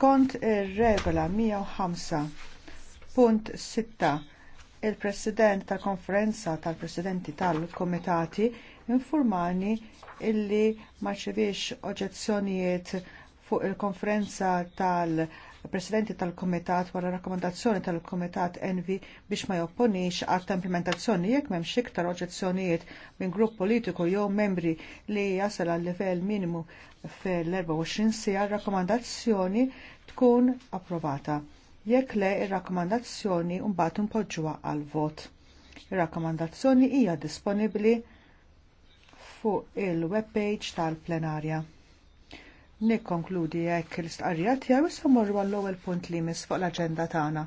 Skont ir-regola 105.6 il-President tal-Konferenza tal-Presidenti tal-Komitati infurmani illi ma rċeviex oġezzjonijiet fuq il-Konferenza tal-Presidenti presidenti tal-Komitat wara rakkomandazzjoni tal-Komitat Envi biex ma jopponix għal ta' implementazzjoni jekk m'hemmx iktar oġġezzjonijiet minn grupp politiku jew membri li jasal għal livell minimu fl 24 sija rakkomandazzjoni tkun approvata. Jekk le ir-rakkomandazzjoni mbagħad impoġġuha għal vot. Ir-rakkomandazzjoni hija disponibbli fuq il-webpage tal-plenarja. Nikkonkludi jekk l istqarrijat jgħu s morru għall-ewwel punt li mis fuq l-aġenda tagħna.